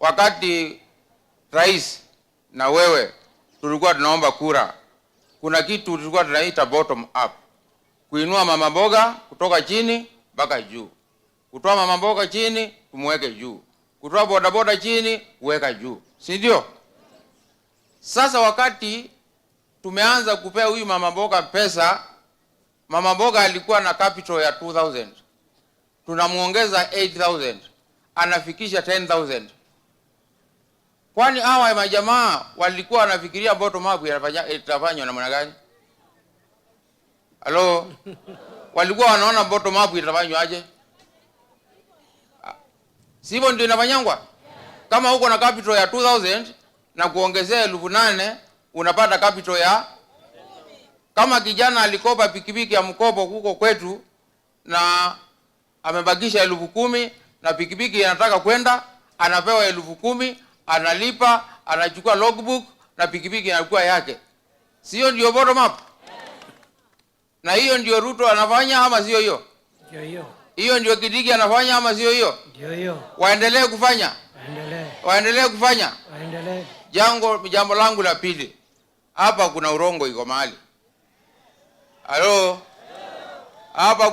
Wakati rais na wewe tulikuwa tunaomba kura, kuna kitu tulikuwa tunaita bottom up, kuinua mama mboga kutoka chini mpaka juu, kutoa mama mboga chini tumweke juu, kutoa bodaboda chini uweka juu, si ndio? Sasa wakati tumeanza kupea huyu mama mboga pesa, mama mboga alikuwa na capital ya 2000 tunamwongeza 8000 anafikisha 10000 Kwani hawa majamaa walikuwa wanafikiria boto mapu itafanywa namna gani? Halo, walikuwa wanaona boto mapu itafanywa aje? Ah, sivo ndio inafanyangwa? Kama huko na capital ya 2000 na kuongezea elfu nane unapata capital ya kama kijana alikopa pikipiki ya mkopo huko kwetu na amebakisha elfu kumi na pikipiki inataka kwenda, anapewa elfu kumi analipa, anachukua logbook na pikipiki inakuwa yake. Sio ndio bottom up? Na hiyo ndio Ruto anafanya ama sio hiyo? Ndio hiyo. Hiyo ndio Kindiki anafanya ama sio hiyo? Ndio hiyo. Waendelee kufanya? Waendelee. Waendelee kufanya? Waendelee. Jambo jambo langu la pili. Hapa kuna urongo iko mahali. Halo. Hapa